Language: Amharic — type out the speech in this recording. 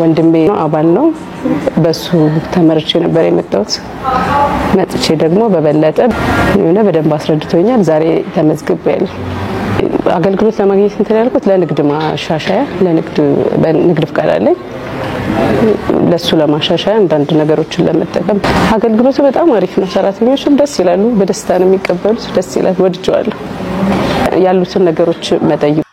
ወንድሜ አባል ነው። በሱ ተመርቼ ነበር የመጣሁት። መጥቼ ደግሞ በበለጠ የሆነ በደንብ አስረድቶኛል። ዛሬ ተመዝግቤያለሁ። አገልግሎት ለማግኘት እንትን ያልኩት ለንግድ ማሻሻያ ለንግድ በንግድ ፍቃድ አለኝ ለሱ ለማሻሻያ አንዳንድ ነገሮችን ለመጠቀም አገልግሎቱ በጣም አሪፍ ነው። ሰራተኞችም ደስ ይላሉ፣ በደስታ ነው የሚቀበሉት። ደስ ይላል፣ ወድጀዋለሁ። ያሉትን ነገሮች መጠየቅ